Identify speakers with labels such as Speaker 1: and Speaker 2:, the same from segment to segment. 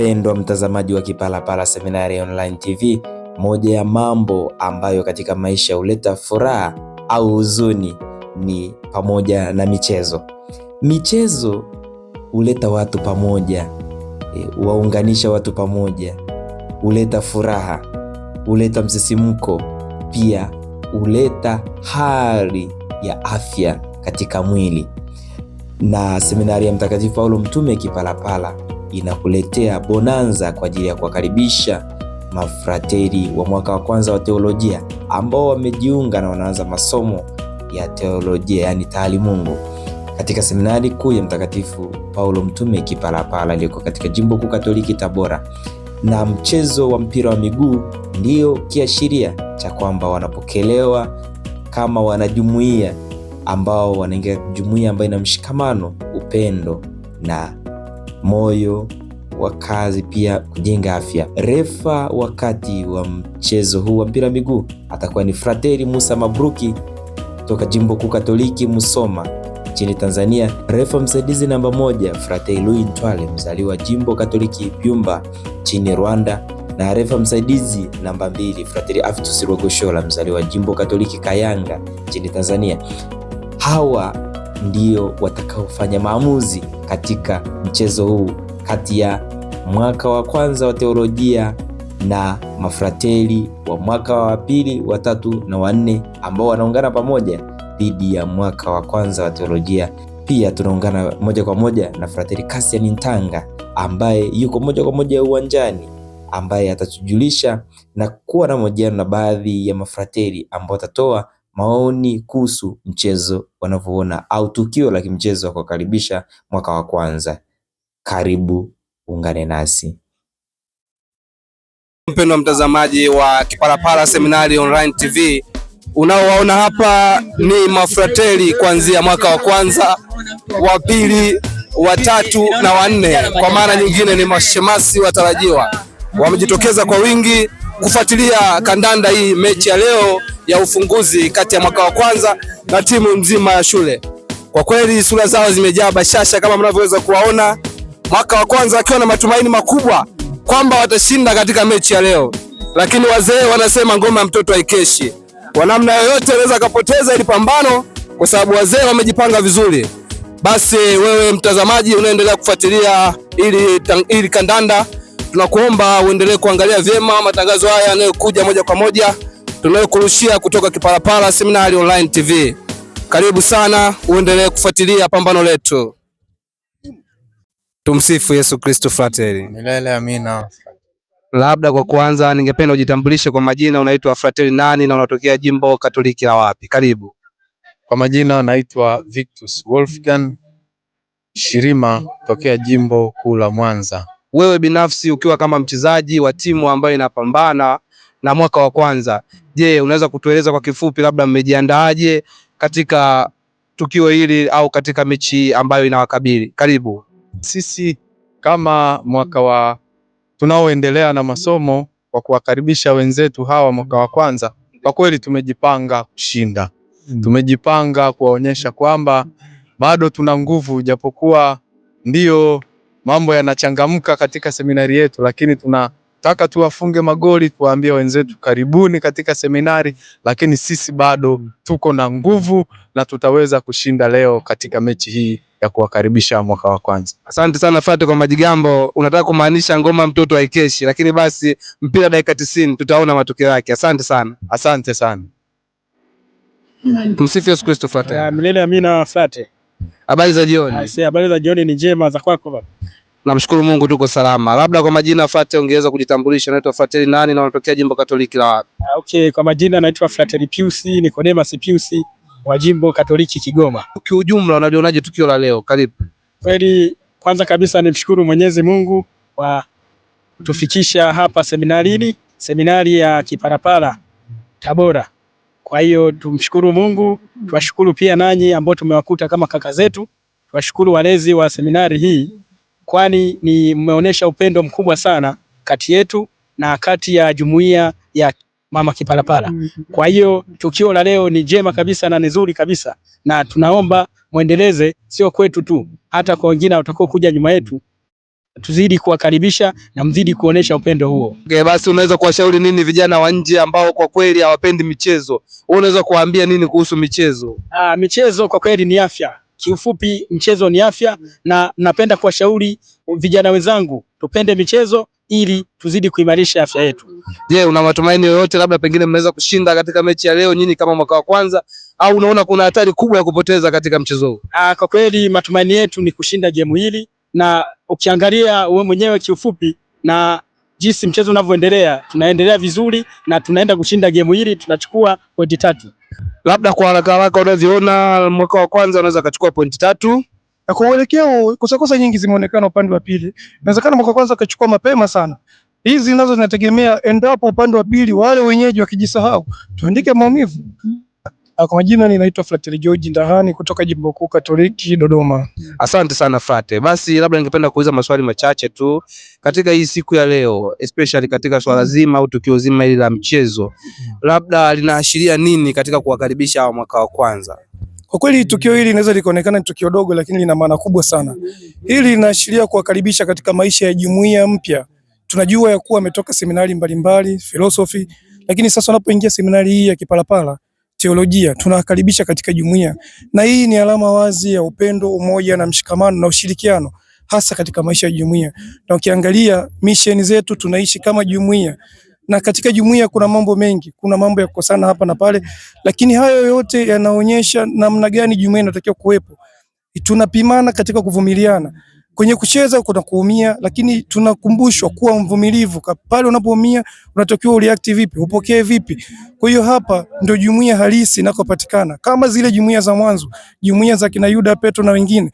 Speaker 1: Mpendwa mtazamaji wa Kipalapala Seminari Online TV, moja ya mambo ambayo katika maisha huleta furaha au huzuni ni pamoja na michezo. Michezo huleta watu pamoja, eh, huwaunganisha watu pamoja, huleta furaha, huleta msisimko, pia huleta hali ya afya katika mwili. Na seminari ya Mtakatifu Paulo Mtume Kipalapala inakuletea bonanza kwa ajili ya kuwakaribisha mafrateri wa mwaka wa kwanza wa teolojia ambao wamejiunga na wanaanza masomo ya teolojia, yaani taalimungu katika seminari kuu ya Mtakatifu Paulo Mtume Kipalapala iliyoko katika jimbo kuu Katoliki Tabora. Na mchezo wa mpira wa miguu ndio kiashiria cha kwamba wanapokelewa kama wanajumuia ambao wanaingia jumuiya ambayo ina mshikamano, upendo na moyo wa kazi, pia kujenga afya. Refa wakati wa mchezo huu wa mpira miguu atakuwa ni Frateri Musa Mabruki toka Jimbo Kuu Katoliki Musoma nchini Tanzania. Refa msaidizi namba moja Frateri Louis Ntwale mzaliwa Jimbo Katoliki Byumba nchini Rwanda, na refa msaidizi namba mbili Frateri Aftus Rwagoshola mzaliwa Jimbo Katoliki Kayanga nchini Tanzania. Hawa ndio watakaofanya maamuzi katika mchezo huu kati ya mwaka wa kwanza wa teolojia na mafrateli wa mwaka wa pili, wa tatu na wanne ambao wanaungana pamoja dhidi ya mwaka wa kwanza wa teolojia. Pia tunaungana moja kwa moja na frateli Cassian Ntanga ambaye yuko moja kwa moja uwanjani, ambaye atatujulisha na kuwa na mahojiano na baadhi ya mafrateli ambao watatoa maoni kuhusu mchezo wanavyoona au tukio la kimchezo kwa kukaribisha mwaka wa kwanza. Karibu ungane nasi.
Speaker 2: Mpendwa mtazamaji wa Kipalapala Seminari Online TV, unaowaona hapa ni mafrateli kuanzia mwaka wa kwanza, wa pili, wa tatu na wa nne. Kwa maana nyingine ni mashemasi watarajiwa, wamejitokeza kwa wingi kufuatilia kandanda hii mechi ya leo ya ufunguzi kati ya mwaka wa kwanza na timu mzima ya shule. Kwa kweli sura zao zimejaa bashasha kama mnavyoweza kuwaona, mwaka wa kwanza wakiwa na matumaini makubwa kwamba watashinda katika mechi ya leo, lakini wazee wanasema ngoma ya mtoto haikeshi. Kwa namna yoyote anaweza akapoteza ili pambano, kwa sababu wazee wamejipanga vizuri. Basi wewe mtazamaji unaendelea kufuatilia ili, ili kandanda, tunakuomba uendelee kuangalia vyema matangazo haya yanayokuja moja kwa moja tunayokurushia kutoka Kipalapala Seminari Online TV. Karibu sana, uendelee kufuatilia pambano letu. Tumsifu Yesu Kristo. Frateli
Speaker 3: milele, amina.
Speaker 2: Labda kwa kwanza, ningependa ujitambulishe kwa majina, unaitwa Frateli nani na unatokea jimbo Katoliki la wapi? Karibu.
Speaker 3: Kwa majina naitwa Victus Wolfgang Shirima tokea jimbo kuu la Mwanza.
Speaker 2: Wewe binafsi ukiwa kama mchezaji wa timu ambayo inapambana na mwaka wa kwanza. Je, unaweza kutueleza kwa kifupi, labda mmejiandaaje katika tukio hili au katika mechi ambayo inawakabili? Karibu.
Speaker 3: Sisi kama mwaka wa tunaoendelea na masomo kwa kuwakaribisha wenzetu hawa mwaka wa kwanza, kwa kweli tumejipanga kushinda, hmm. tumejipanga kuwaonyesha kwamba bado tuna nguvu, japokuwa ndiyo mambo yanachangamka katika seminari yetu, lakini tuna taka tuwafunge magoli, tuwaambie wenzetu karibuni katika seminari, lakini sisi bado hmm. tuko na nguvu na tutaweza kushinda leo katika mechi hii ya kuwakaribisha mwaka wa kwanza.
Speaker 2: Asante sana Fatu kwa majigambo. Unataka kumaanisha ngoma mtoto haikeshi, lakini basi mpira dakika tisini tutaona matokeo yake. Asante sana, asante sana. Msifu Yesu Kristo. Fatu
Speaker 4: milele, amina. Fatu,
Speaker 2: habari za jioni.
Speaker 4: Habari za jioni ni njema, za kwako?
Speaker 2: Namshukuru Mungu tuko salama. Labda kwa majina Fate, ungeweza kujitambulisha, naitwa Frateli nani na unatokea jimbo Katoliki la wapi?
Speaker 4: Ah, okay, kwa majina naitwa Frateli Pius Nicodemus Pius wa jimbo Katoliki Kigoma.
Speaker 2: Kwa ujumla unalionaje tukio la leo? Karibu.
Speaker 4: Kweli kwanza kabisa nimshukuru Mwenyezi Mungu kwa kutufikisha hapa seminarini, seminari ya Kiparapara Tabora. Kwa hiyo tumshukuru Mungu, tuwashukuru pia nanyi ambao tumewakuta kama kaka zetu, tuwashukuru walezi wa seminari hii kwani ni mmeonyesha upendo mkubwa sana kati yetu na kati ya jumuiya ya Mama Kipalapala. Mm-hmm. Kwa hiyo tukio la leo ni jema kabisa na ni zuri kabisa, na tunaomba mwendeleze, sio kwetu tu, hata kwa wengine watakao kuja nyuma yetu, tuzidi kuwakaribisha na mzidi kuonesha upendo huo.
Speaker 2: Okay, basi unaweza kuwashauri nini vijana wa nje ambao kwa kweli hawapendi michezo? unaweza kuwaambia nini kuhusu michezo?
Speaker 4: Aa, ah, michezo kwa kweli ni afya Kiufupi, mchezo ni afya, na napenda kuwashauri vijana wenzangu tupende michezo ili tuzidi kuimarisha afya yetu.
Speaker 2: Je, yeah, una matumaini yoyote labda pengine mnaweza kushinda katika mechi ya leo nyinyi kama mwaka wa kwanza au unaona kuna hatari kubwa ya kupoteza katika mchezo huu?
Speaker 4: Ah, kwa kweli matumaini yetu ni kushinda gemu hili na ukiangalia wewe mwenyewe kiufupi na jinsi mchezo unavyoendelea, tunaendelea vizuri na tunaenda kushinda gemu hili, tunachukua pointi tatu
Speaker 2: labda kwa haraka haraka unaziona, mwaka wa kwanza anaweza akachukua pointi tatu
Speaker 5: kwa uelekeo. Kosakosa nyingi zimeonekana upande wa pili, inawezekana mwaka wa kwanza akachukua mapema sana. Hizi nazo zinategemea endapo upande wa pili wale wenyeji wakijisahau, tuandike maumivu Ah, kwa majina ninaitwa Frater George Ndahani kutoka Jimbo Kuu Katoliki Dodoma.
Speaker 2: Asante sana Frate. Basi labda ningependa kuuliza maswali machache tu katika hii siku ya leo, especially katika swala zima au tukio zima hili la mchezo, labda linaashiria nini katika kuwakaribisha hawa mwaka wa kwanza?
Speaker 5: Kwa kweli tukio hili linaweza likaonekana ni tukio dogo, lakini lina maana kubwa sana. Hili linaashiria kuwakaribisha katika maisha ya jumuiya mpya. Tunajua ya kuwa ametoka seminari mbalimbali filosofi, lakini sasa wanapoingia seminari hii ya Kipalapala teolojia tunawakaribisha katika jumuiya, na hii ni alama wazi ya upendo, umoja na mshikamano na ushirikiano hasa katika maisha ya jumuiya. Na ukiangalia misheni zetu tunaishi kama jumuiya, na katika jumuiya kuna mambo mengi, kuna mambo ya kukosana hapa na pale, lakini hayo yote yanaonyesha namna gani jumuiya inatakiwa kuwepo. Tunapimana katika kuvumiliana Kwenye kucheza kuna kuumia, lakini tunakumbushwa kuwa mvumilivu. Pale unapoumia unatakiwa react vipi, upokee vipi? Kwa hiyo hapa ndio jumuiya halisi inakopatikana, kama zile jumuiya za mwanzo, jumuiya za kina Yuda Petro na wengine.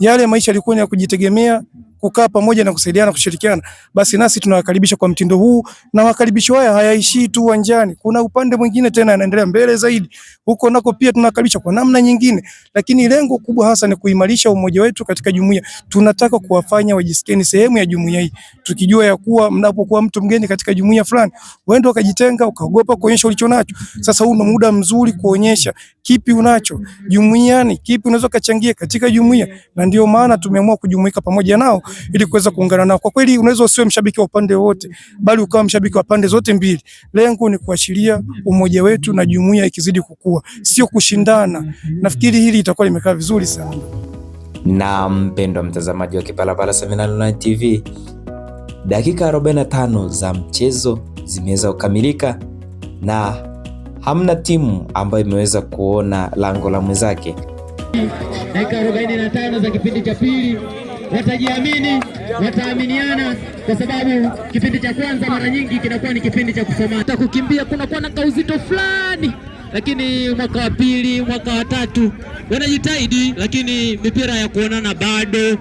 Speaker 5: Yale maisha yalikuwa ni ya kujitegemea kukaa pamoja na kusaidiana, kushirikiana, basi nasi tunawakaribisha kwa mtindo huu, na makaribisho haya hayaishii tu uwanjani. Kuna upande mwingine tena yanaendelea mbele zaidi, huko nako pia tunawakaribisha kwa namna nyingine, lakini lengo kubwa hasa ni kuimarisha umoja wetu katika jumuiya. Tunataka kuwafanya wajisikie sehemu ya jumuiya hii, tukijua ya kuwa mnapokuwa mtu mgeni katika jumuiya fulani, wende ukajitenga, ukaogopa kuonyesha ulicho nacho. Sasa huu ni muda mzuri kuonyesha kipi unacho jumuiani, kipi unaweza kachangia katika jumuiya, na ndio maana tumeamua kujumuika pamoja nao ili kuweza kuungana nao. Kwa kweli unaweza usiwe mshabiki wa upande wote, bali ukawa mshabiki wa pande zote mbili. Lengo ni kuashiria umoja wetu na jumuiya ikizidi kukua, sio kushindana. Nafikiri hili itakuwa limekaa vizuri sana.
Speaker 1: Na mpendwa mtazamaji wa Kipalapala 709 TV, dakika 45 za mchezo zimeweza kukamilika na hamna timu ambayo imeweza kuona lango la mwenzake.
Speaker 6: Dakika 45 za kipindi cha pili watajiamini, wataaminiana, kwa sababu kipindi cha kwanza mara nyingi kinakuwa ni kipindi cha kusomana, kukimbia kunakuwa na kauzito fulani lakini mwaka wa pili, mwaka wa tatu wanajitahidi, lakini mipira ya kuonana bado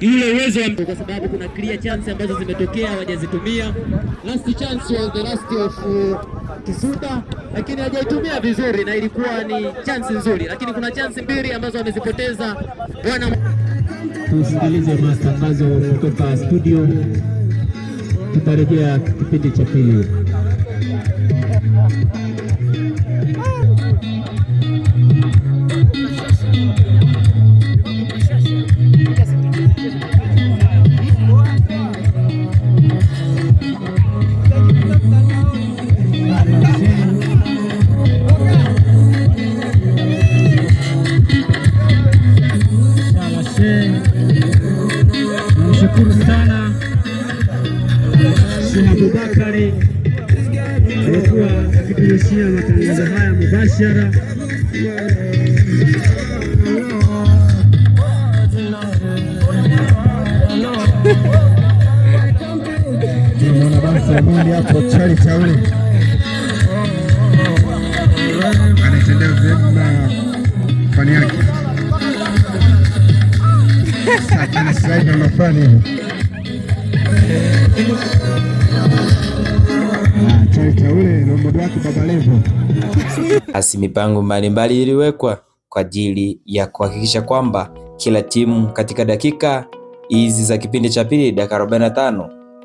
Speaker 6: ile uwezo, kwa sababu kuna clear chance ambazo zimetokea hawajazitumia. Last chance was the last of uh, Kisuta, lakini hajaitumia vizuri na ilikuwa ni chance nzuri, lakini kuna chance mbili ambazo wamezipoteza bwana
Speaker 7: tusikilize matangazo kutoka studio, tutarejea kipindi cha pili.
Speaker 1: anapokea anatendea vyema fani yake asi mipango mbalimbali iliwekwa kwa ajili ya kuhakikisha kwamba kila timu katika dakika hizi za kipindi cha pili dakika 45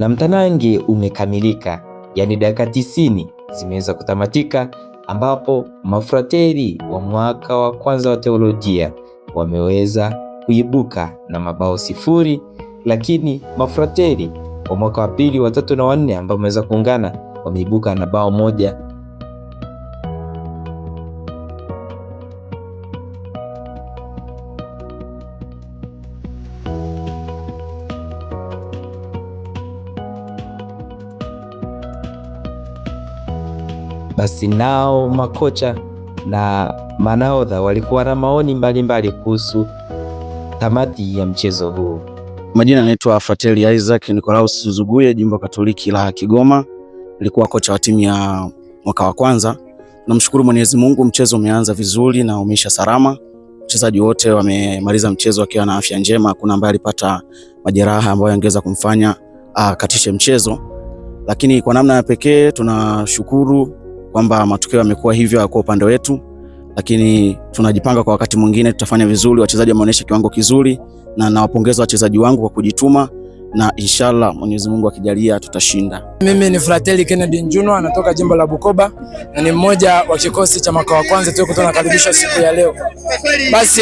Speaker 1: na mtanange umekamilika, yaani dakika tisini zimeweza kutamatika, ambapo mafrateri wa mwaka wa kwanza wa teolojia wameweza kuibuka na mabao sifuri, lakini mafrateri wa mwaka wa pili, wa tatu na wanne ambao wameweza kuungana wameibuka na bao moja basi nao makocha na manaodha walikuwa na maoni mbalimbali kuhusu tamati ya mchezo huu.
Speaker 8: Majina anaitwa Fateli Isaac Nikolaus Zuguye, jimbo Katoliki la Kigoma. Nilikuwa kocha wa timu ya mwaka wa kwanza. Namshukuru Mwenyezi Mungu, mchezo umeanza vizuri na umeisha salama. Wachezaji wote wamemaliza mchezo wakiwa na afya njema. Hakuna ambaye alipata majeraha ambayo yangeweza kumfanya akatishe mchezo, lakini kwa namna ya pekee tunashukuru kwamba matokeo yamekuwa hivyo kwa upande wetu, lakini tunajipanga kwa wakati mwingine tutafanya vizuri. Wachezaji wameonyesha kiwango kizuri, na nawapongeza wachezaji wangu kwa kujituma na inshallah Mwenyezi Mungu akijalia tutashinda.
Speaker 9: Mimi ni Frateli Kennedy Njuno, anatoka jimbo la Bukoba na ni mmoja wa kikosi cha mwaka wa kwanza kutoka nakaribisha siku ya leo. Basi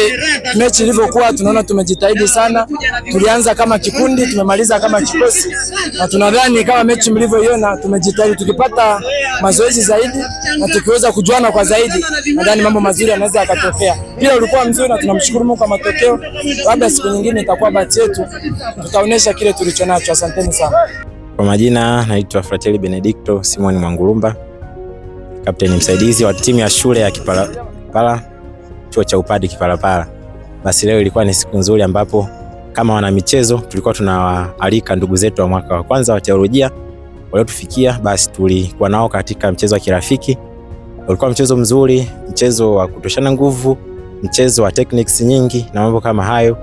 Speaker 9: mechi ilivyokuwa, tunaona tumejitahidi sana, tulianza kama kikundi, tumemaliza kama kikosi, na tunadhani kama mechi mlivyoiona, tumejitahidi. Tukipata mazoezi zaidi na tukiweza kujuana kwa zaidi, nadhani mambo mazuri yanaweza yakatokea. Pia ulikuwa mzuri na tunamshukuru Mungu kwa matokeo. Labda siku nyingine itakuwa bahati yetu, tutaonesha kile tulicho nacho. Asanteni sana.
Speaker 10: Kwa majina naitwa Fratelli Benedicto Simon Mwangurumba, kapteni msaidizi wa timu ya shule ya Kipalapala, chuo cha upadi Kipalapala. Basi leo ilikuwa ni siku nzuri ambapo kama wana michezo tulikuwa tunawaalika ndugu zetu wa mwaka wa kwanza wa teolojia waliotufikia. Basi tulikuwa nao katika mchezo wa kirafiki, ulikuwa mchezo mzuri, mchezo wa kutoshana nguvu, mchezo wa techniques nyingi na mambo kama hayo.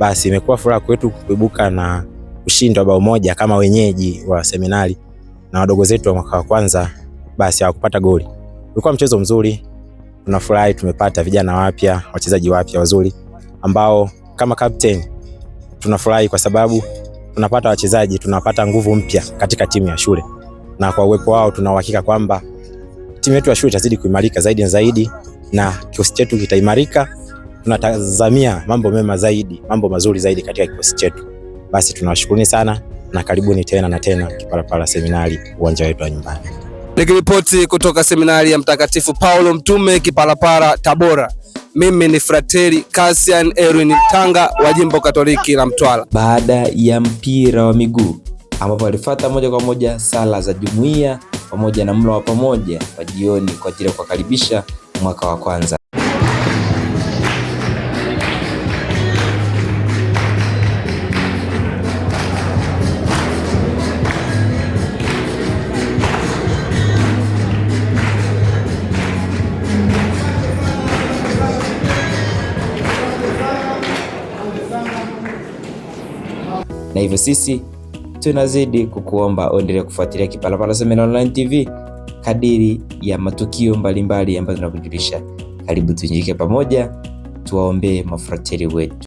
Speaker 10: Basi imekuwa furaha kwetu kuibuka na ushindi wa bao moja kama wenyeji wa seminari na wadogo zetu wa mwaka wa kwanza, basi hawakupata goli. Ulikuwa mchezo mzuri, tunafurahi tumepata vijana wapya, wachezaji wapya wazuri ambao kama captain tunafurahi kwa sababu tunapata wachezaji, tunapata nguvu mpya katika timu ya shule, na kwa uwepo wao tuna uhakika kwamba timu yetu ya shule itazidi kuimarika zaidi na zaidi, na kikosi chetu kitaimarika. Tunatazamia mambo mema zaidi, mambo mazuri zaidi katika kikosi chetu. Basi tunawashukuruni sana na karibuni tena na tena Kipalapala Seminari, uwanja wetu wa nyumbani.
Speaker 2: Nikiripoti kutoka Seminari ya Mtakatifu Paulo Mtume Kipalapala, Tabora. Mimi ni Frateri Cassian Erwin tanga wa Jimbo Katoliki la Mtwara.
Speaker 1: Baada ya mpira wa miguu ambapo alifuata moja kwa moja sala za jumuiya pamoja na mlo wa pamoja wa jioni kwa ajili ya kuwakaribisha mwaka wa kwanza. na hivyo sisi tunazidi kukuomba uendelee kufuatilia Kipalapala semena Online TV kadiri ya matukio mbalimbali ambayo tunakujulisha. Karibu tunjike pamoja, tuwaombee mafrateri wetu.